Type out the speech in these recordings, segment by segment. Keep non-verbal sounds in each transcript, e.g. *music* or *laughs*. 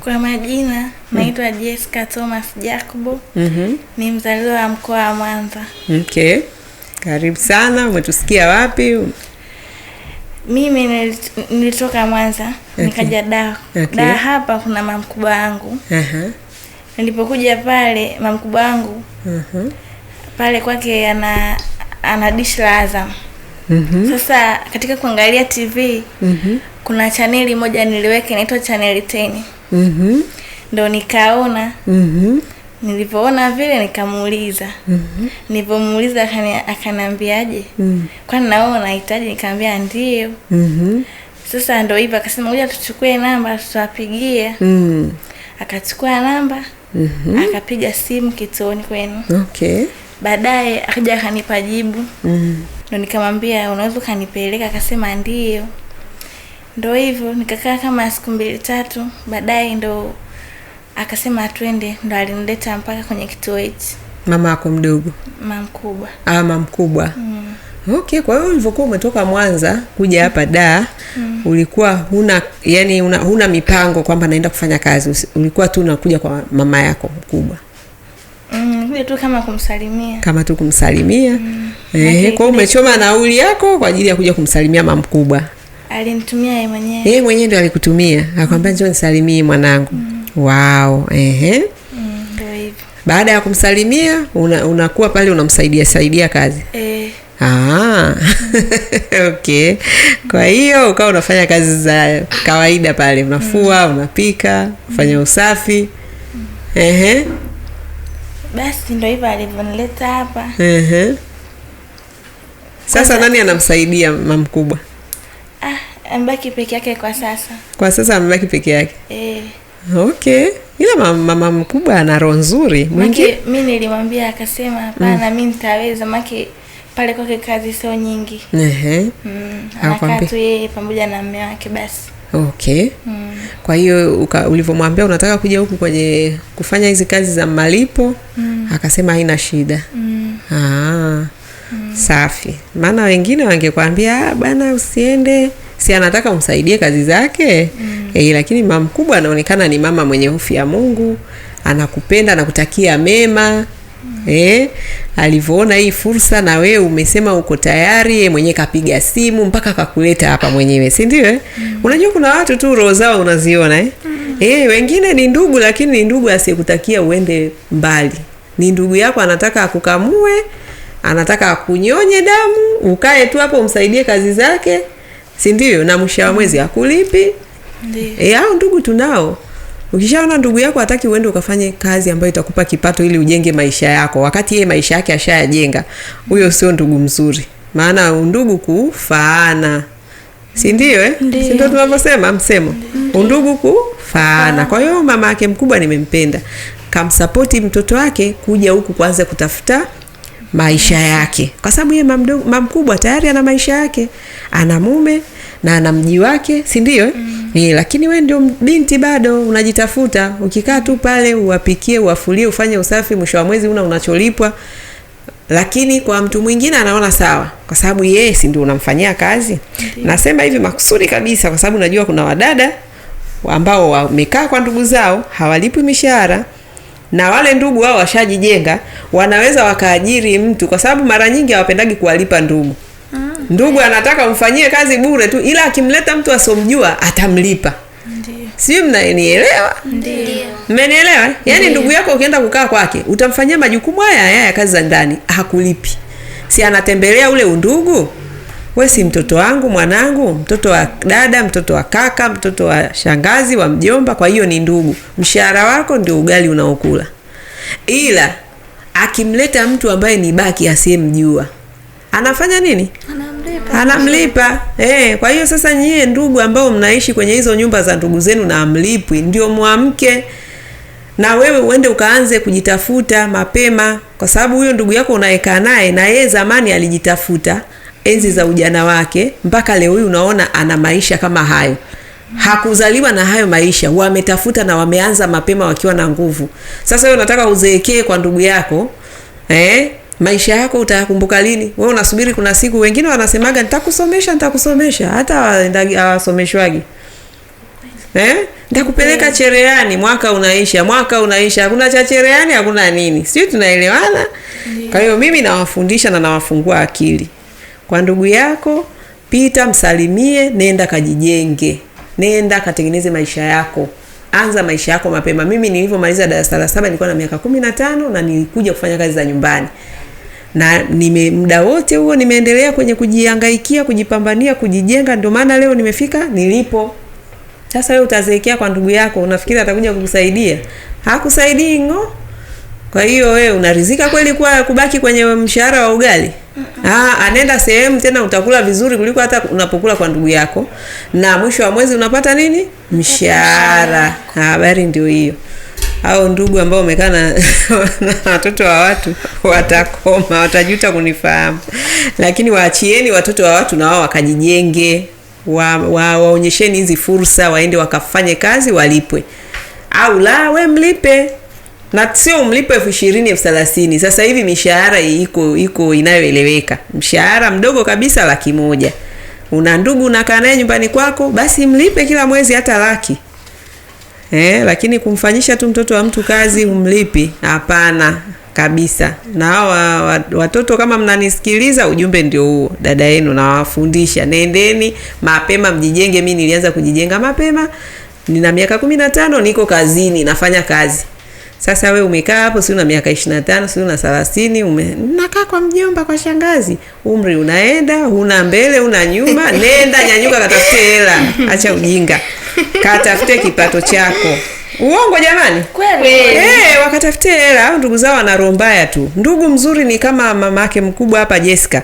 Kwa majina hmm. naitwa Jessica Thomas Jacobo. mm -hmm. Ni mzaliwa wa mkoa wa Mwanza. Okay, karibu sana. Umetusikia wapi? Mimi nilitoka Mwanza. Okay. Nikaja Dar. Okay. Dar hapa kuna mamkubwa wangu. uh -huh. Nilipokuja pale mamkubwa wangu uh -huh. pale kwake ana ana dish la Azam. Mm -hmm. Sasa katika kuangalia TV mm -hmm. kuna chaneli moja niliweka inaitwa chaneli teni mm-hmm. ndo nikaona mm-hmm. nilivyoona vile nikamuuliza mm-hmm. nilivyomuuliza akaniambiaje mm-hmm. kwani naona nahitaji nikaambia ndio mm-hmm. sasa ndo hivyo akasema uja tuchukue namba tutawapigia mm-hmm. akachukua namba mm-hmm. akapiga simu kituoni kwenu okay baadaye akaja akanipa jibu mm-hmm. ndo nikamwambia unaweza ukanipeleka akasema ndio ndo hivyo nikakaa kama siku mbili tatu, baadaye ndo akasema atwende, ndo alinileta mpaka kwenye kituo hichi. Mama ako mdogo? Ah, mama mkubwa. mm. Okay, kwa hiyo ulivyokuwa umetoka Mwanza kuja hapa da mm. ulikuwa huna yani una, huna mipango kwamba naenda kufanya kazi, ulikuwa tu unakuja kwa mama yako mkubwa? Mm, tu kama kumsalimia, kama tu kumsalimia mm. kwa umechoma nauli yako kwa ajili ya kuja kumsalimia mamkubwa Alinitumia yeye mwenyewe. Yeye mwenyewe ndo alikutumia, akwambia njoo nisalimie mwanangu. mm. Wow, ehe. mm, Baada ya kumsalimia unakuwa una, pale unamsaidia saidia kazi eh. Ah. *laughs* okay. Kwa hiyo ukawa unafanya kazi za kawaida pale, unafua, mm. unapika, unafanya mm. usafi. mm. Ehe. Basi ndio hivyo alivyonileta hapa. Ehe. Sasa nani anamsaidia mama mkubwa? Amebaki peke yake kwa sasa. Kwa sasa amebaki peke yake e. Okay, ila mama, mama mkubwa ana roho nzuri. Mwingine mi nilimwambia akasema hapana, mm. nitaweza make pale kwake kazi sio nyingi. Ehe. Mm. Anakaa tu yeye pamoja na mume wake basi. Okay. Mm. Kwa hiyo ulivyomwambia unataka kuja huku kwenye kufanya hizi kazi za malipo mm. akasema haina shida. Mm. Aa, ah. mm. Safi, maana wengine wangekwambia ah, bana, usiende mm si anataka umsaidie kazi zake mm. E, lakini mama mkubwa anaonekana ni mama mwenye hofu ya Mungu, anakupenda anakutakia mema mm. E, alivyoona hii fursa na we umesema uko tayari, yeye mwenyewe kapiga simu mpaka kakuleta hapa mwenyewe, si ndio? Eh? Mm. Unajua kuna watu tu roho zao unaziona eh? Mm. E, wengine ni ndugu, lakini ni ndugu asiyekutakia uende mbali, ni ndugu yako anataka akukamue, anataka akunyonye damu, ukae tu hapo umsaidie kazi zake si ndio? Na mwisho wa mwezi akulipi Ndio eh, hao ndugu tunao. Ukishaona ndugu yako hataki uende ukafanye kazi ambayo itakupa kipato ili ujenge maisha yako, wakati yeye maisha yake ashayajenga, huyo sio ndugu mzuri, maana undugu kufaana si eh? ndio eh? si ndio tunavyosema msemo Ndiyo. undugu kufaana. Ah. Kwa hiyo mama yake mkubwa nimempenda, kamsapoti mtoto wake kuja huku kwanza kutafuta maisha yake, kwa sababu yeye mamkubwa tayari ana maisha yake, ana mume na ana mji wake, si ndio? Mm. Ni, lakini we ndio binti bado unajitafuta. Ukikaa tu pale uwapikie, uwafulie, ufanye usafi, mwisho wa mwezi una unacholipwa. Lakini kwa mtu mwingine anaona sawa, kwa sababu yeye si ndio unamfanyia kazi. Ndi. Nasema hivi makusudi kabisa, kwa sababu najua kuna wadada ambao wamekaa kwa ndugu zao hawalipwi mishahara na wale ndugu wao washajijenga, wanaweza wakaajiri mtu, kwa sababu mara nyingi hawapendagi kuwalipa ndugu. Mm. Ndugu anataka umfanyie kazi bure tu, ila akimleta mtu asomjua atamlipa. Sijui mnanielewa? Mmenielewa? Yaani ndugu yako ukienda kukaa kwake utamfanyia majukumu haya haya ya kazi za ndani, hakulipi, si anatembelea ule undugu we si mtoto wangu, mwanangu, mtoto wa dada, mtoto wa kaka, mtoto wa shangazi, wa mjomba, kwa hiyo ni ndugu. Mshahara wako ndio ugali unaokula. Ila akimleta mtu ambaye ni baki asiyemjua anafanya nini? Anamlipa, Eh, kwa hiyo sasa nyie ndugu ambao mnaishi kwenye hizo nyumba za ndugu zenu na amlipwi, ndio mwamke na wewe uende ukaanze kujitafuta mapema, kwa sababu huyo ndugu yako unaekaa naye na yeye zamani alijitafuta enzi za ujana wake mpaka leo hii unaona ana maisha kama hayo hakuzaliwa na hayo maisha, wametafuta na wameanza mapema wakiwa na nguvu. Sasa wewe unataka uzeekee kwa ndugu yako eh? Maisha yako utayakumbuka lini? Wewe unasubiri kuna siku, wengine wanasemaga nitakusomesha, nitakusomesha, hata hawasomeshwagi eh? Nitakupeleka chereani, mwaka unaisha, mwaka unaisha, hakuna cha chereani, hakuna nini, sijui tunaelewana. Kwa hiyo mimi nawafundisha na nawafungua akili kwa ndugu yako, pita msalimie, nenda kajijenge, nenda katengeneze maisha yako, anza maisha yako mapema. Mimi nilivyomaliza darasa la saba nilikuwa na miaka kumi na tano na nilikuja kufanya kazi za nyumbani na nime muda wote huo nimeendelea kwenye kujiangaikia kujipambania, kujijenga. Ndio maana leo nimefika nilipo. Sasa wewe utazeekea kwa ndugu yako, unafikiri atakuja kukusaidia? Hakusaidii ng'o. Kwa hiyo wewe unarizika kweli kwa kubaki kwenye mshahara wa ugali? Ah, anaenda sehemu tena utakula vizuri kuliko hata unapokula kwa ndugu yako, na mwisho wa mwezi unapata nini? Mshahara. Habari ndio hiyo. Hao ndugu ambao wamekaa *laughs* na watoto wa watu watakoma, watajuta kunifahamu. Lakini waachieni watoto wa watu na wao wakajijenge, waonyesheni wa, wa hizi fursa, waende wakafanye kazi walipwe, au la we mlipe na sio mlipo elfu ishirini elfu thelathini Sasa hivi mishahara iko iko inayoeleweka, mshahara mdogo kabisa laki moja. Una ndugu unakaa naye nyumbani kwako, basi mlipe kila mwezi hata laki eh, lakini kumfanyisha tu mtoto wa mtu kazi umlipi? Hapana kabisa. Na wa, wa, watoto kama mnanisikiliza, ujumbe ndio huo, dada yenu nawafundisha, nendeni mapema mjijenge. Mi nilianza kujijenga mapema, nina miaka kumi na tano, niko kazini, nafanya kazi sasa we umekaa hapo, si una miaka 25, si una 30, ume nakaa kwa mjomba, kwa shangazi, umri unaenda, una mbele, una nyuma. *laughs* Nenda nyanyuka, katafute hela, acha ujinga, katafute kipato chako. Uongo jamani, hey, eh, wakatafutie hela. Au ndugu zao wanaro mbaya tu. Ndugu mzuri ni kama mama mkubwa hapa Jessica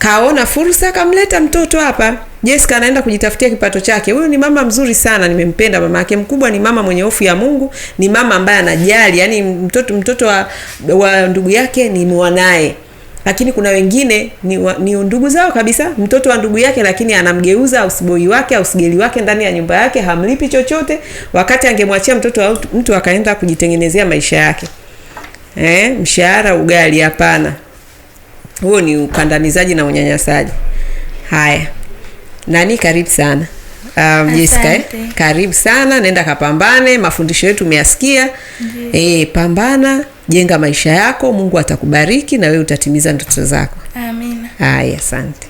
kaona fursa akamleta mtoto hapa. Jessica anaenda kujitafutia kipato chake. Huyu ni mama mzuri sana, nimempenda mama yake mkubwa. Ni mama mwenye hofu ya Mungu, ni mama ambaye anajali, yani mtoto mtoto wa, wa ndugu yake ni mwanaye lakini kuna wengine ni, wa, ni ndugu zao kabisa, mtoto wa ndugu yake, lakini anamgeuza ausiboi wake ausigeli wake ndani ya nyumba yake, hamlipi chochote, wakati angemwachia mtoto wa mtu akaenda kujitengenezea maisha yake. Eh, mshahara ugali? Hapana huo ni ukandamizaji na unyanyasaji. Haya, nani, karibu sana um, Jessica, eh? Karibu sana, nenda kapambane. Mafundisho yetu umeyasikia. E, pambana, jenga maisha yako, Mungu atakubariki na wewe utatimiza ndoto zako. Amina. Haya, asante.